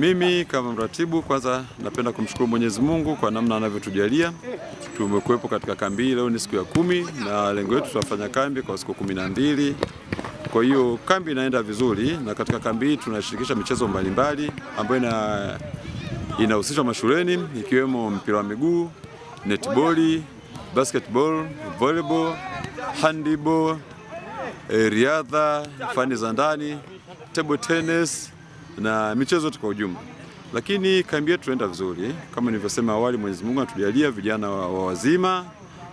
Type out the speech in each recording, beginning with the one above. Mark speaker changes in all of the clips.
Speaker 1: Mimi kama mratibu, kwanza napenda kumshukuru Mwenyezi Mungu kwa namna anavyotujalia. Tumekuwepo katika kambi hii, leo ni siku ya kumi na lengo letu tutafanya kambi kwa siku kumi na mbili. Kwa hiyo kambi inaenda vizuri, na katika kambi hii tunashirikisha michezo mbalimbali ambayo ina inahusishwa mashuleni ikiwemo mpira wa miguu, netball, basketball, volleyball, handball, e, riadha, fani za ndani, table tennis na michezo kwa ujumla. Lakini kambi yetu tunaenda vizuri, kama nilivyosema awali, Mwenyezi Mungu anatujalia vijana wa wa wazima,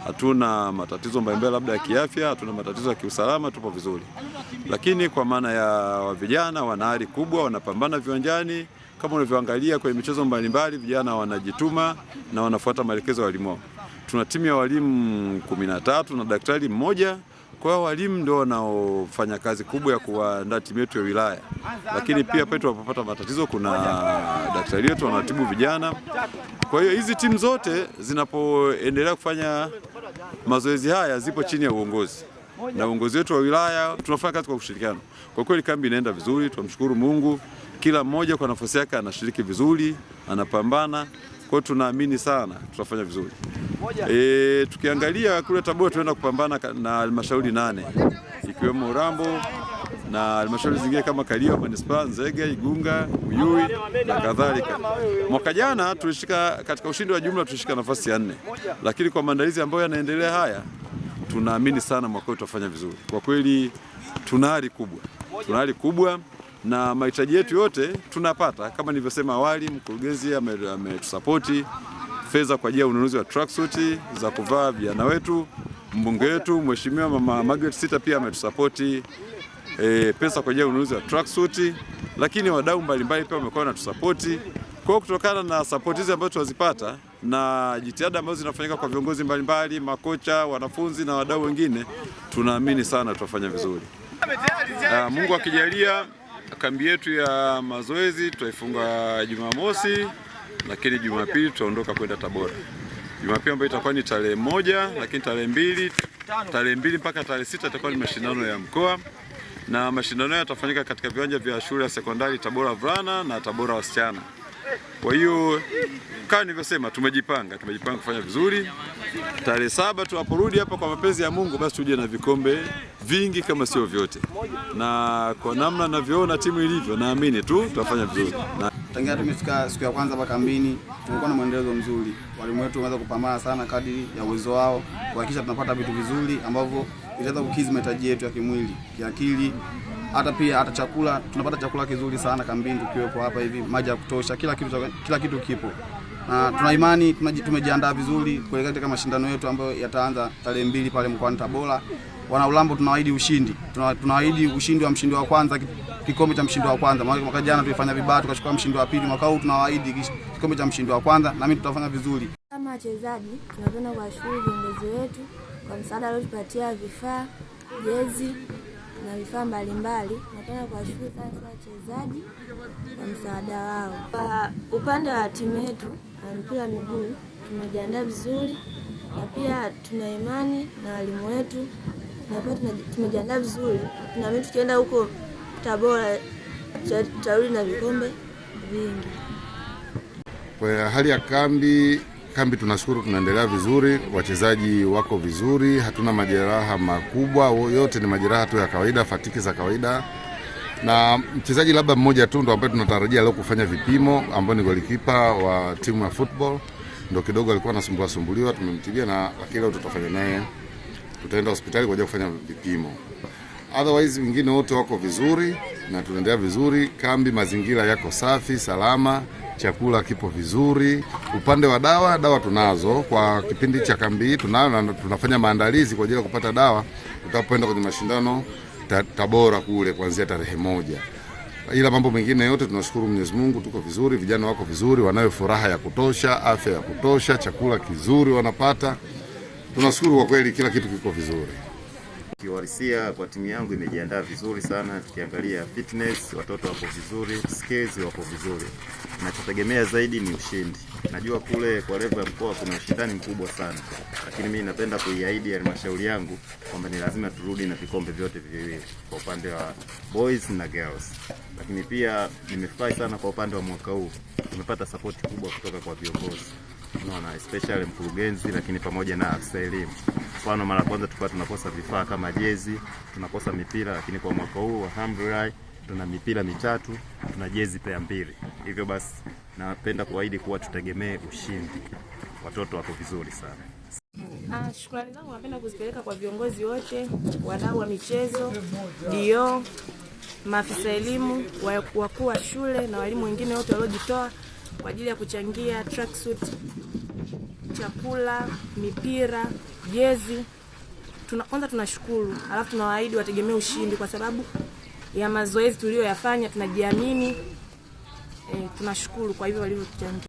Speaker 1: hatuna matatizo mbalimbali, labda ya kiafya, hatuna matatizo ya kiusalama, tupo vizuri. Lakini kwa maana ya wa vijana, wana ari kubwa, wanapambana viwanjani kama unavyoangalia kwenye michezo mbalimbali, vijana wanajituma na wanafuata maelekezo ya walimu Tuna timu ya walimu kumi na tatu na daktari mmoja kwa hiyo walimu ndio wanaofanya kazi kubwa ya kuandaa timu yetu ya wilaya, lakini pia pale tunapopata matatizo kuna daktari wetu wanatibu vijana. Kwa hiyo hizi timu zote zinapoendelea kufanya mazoezi haya zipo chini ya uongozi na uongozi wetu wa wilaya, tunafanya kazi kwa kushirikiana. Kwa kweli kambi inaenda vizuri, tunamshukuru Mungu, kila mmoja kwa nafasi yake anashiriki vizuri, anapambana. Kwa tunaamini sana tutafanya vizuri. E, tukiangalia kule Tabora tunaenda kupambana na halmashauri nane ikiwemo Urambo na halmashauri zingine kama Kalia, Manispaa, nzega Igunga, Uyui na kadhalika. Mwaka jana tulishika katika ushindi wa jumla tulishika nafasi ya nne, lakini kwa maandalizi ambayo yanaendelea haya tunaamini sana mwaka huu tutafanya vizuri. Kwa kweli tuna hali kubwa, tuna hali kubwa na mahitaji yetu yote tunapata. Kama nilivyosema awali, mkurugenzi ametusapoti fedha kwa ajili ya ununuzi wa tracksuit za kuvaa vijana wetu. Mbunge wetu Mheshimiwa Mama Margaret Sita pia ametusapoti e, pesa kwa ajili ya ununuzi wa tracksuit, lakini wadau mbalimbali pia wamekuwa wanatusapoti. Kwa kutokana na sapoti hizi ambazo tunazipata na jitihada ambazo zinafanyika kwa viongozi mbalimbali, makocha, wanafunzi na wadau wengine, tunaamini sana tutafanya vizuri. Ah, Mungu akijalia Kambi yetu ya mazoezi tutaifunga Jumamosi, lakini Jumapili tutaondoka kwenda Tabora. Jumapili ambayo itakuwa ni tarehe moja, lakini tarehe mbili, tarehe mbili mpaka tarehe sita itakuwa ni mashindano ya mkoa, na mashindano hayo yatafanyika katika viwanja vya shule ya sekondari Tabora vulana na Tabora wasichana. Kwa hiyo kama nilivyosema, tumejipanga tumejipanga kufanya vizuri. Tarehe saba tunaporudi hapa, kwa mapenzi ya Mungu, basi tuje na vikombe vingi kama sio vyote, na kwa namna navyoona timu ilivyo, naamini tu tutafanya vizuri.
Speaker 2: Tangia tumefika siku ya kwanza mpaka kambini, tumekuwa na mwendelezo mzuri. Walimu wetu wameweza kupambana sana kadi ya uwezo wao kuhakikisha tunapata vitu vizuri ambavyo itaweza kukidhi mahitaji yetu ya kimwili, kiakili, hata pia hata chakula. Tunapata chakula kizuri sana kambini, tukiwepo hapa hivi, maji ya kutosha, kila kitu, kila kitu kipo na tuna imani tumejiandaa vizuri kuelekea katika mashindano yetu ambayo yataanza tarehe mbili pale mkoani Tabora. Wana Ulambo tunawaahidi ushindi, tunawaahidi ushindi wa mshindi wa kwanza, kikombe cha mshindi wa kwanza. Maana mwaka jana tulifanya vibaya tukachukua mshindi wa pili, mwaka huu tunawaahidi kikombe cha mshindi wa kwanza, na mimi tutafanya vizuri.
Speaker 3: Kama wachezaji tunapenda kuwashukuru viongozi wetu kwa msaada aliotupatia vifaa, jezi na vifaa mbalimbali. Napenda kuwashukuru sana wachezaji kwa msaada wao. Kwa upande wa timu yetu mpira yaani wa miguu tumejiandaa vizuri, na pia tuna imani na walimu wetu, na pia tumejiandaa vizuri. mimi tukienda huko Tabora tutarudi na vikombe vingi.
Speaker 1: Kwa hali ya kambi kambi tunashukuru, tunaendelea vizuri, wachezaji wako vizuri, hatuna majeraha makubwa, yote ni majeraha tu ya kawaida, fatiki za kawaida na mchezaji labda mmoja tu ndo ambaye tunatarajia leo kufanya vipimo, ambaye ni golikipa wa timu ya football, ndo kidogo alikuwa anasumbua sumbuliwa, tumemtibia na lakini leo tutafanya naye, tutaenda hospitali kwa ajili kufanya vipimo. Otherwise wengine wote wako vizuri na tunaendelea vizuri. Kambi mazingira yako safi, salama, chakula kipo vizuri. Upande wa dawa, dawa tunazo kwa kipindi cha kambi hii tunayo, na tunafanya maandalizi kwa ajili ya kupata dawa utakapoenda kwenye mashindano ta, Tabora kule kuanzia tarehe moja. Ila mambo mengine yote tunashukuru Mwenyezi Mungu, tuko vizuri, vijana wako vizuri, wanayo furaha ya kutosha, afya ya kutosha, chakula kizuri wanapata. Tunashukuru kwa kweli, kila kitu kiko vizuri
Speaker 4: kiuhalisia kwa timu yangu imejiandaa vizuri sana. Tukiangalia fitness, watoto wapo vizuri, skills wapo vizuri. Nachotegemea zaidi ni ushindi. Najua kule kwa level ya mkoa kuna ushindani mkubwa sana, lakini mimi napenda kuiahidi halmashauri yangu kwamba ni lazima turudi na vikombe vyote viwili kwa upande wa boys na girls. Lakini pia nimefurahi sana kwa upande wa mwaka huu, tumepata sapoti kubwa kutoka kwa viongozi, unaona especially mkurugenzi, lakini pamoja na afisa elimu Mfano, mara kwanza tulikuwa tunakosa vifaa kama jezi, tunakosa mipira, lakini kwa mwaka huu Hamburai tuna mipira mitatu, tuna jezi pea mbili. Hivyo basi napenda kuahidi kuwa tutegemee ushindi. Watoto wako vizuri sana.
Speaker 5: Ah, shukrani zangu napenda kuzipeleka kwa viongozi wote, wadau wa michezo, dio, maafisa elimu, wakuu wa shule na walimu wengine wote waliojitoa kwa ajili ya kuchangia tracksuit, chakula, mipira jezi. Tuna kwanza tunashukuru, alafu tunawaahidi wategemee ushindi kwa sababu ya mazoezi tuliyoyafanya, tunajiamini. E, tunashukuru kwa hivyo walivyotuchangia.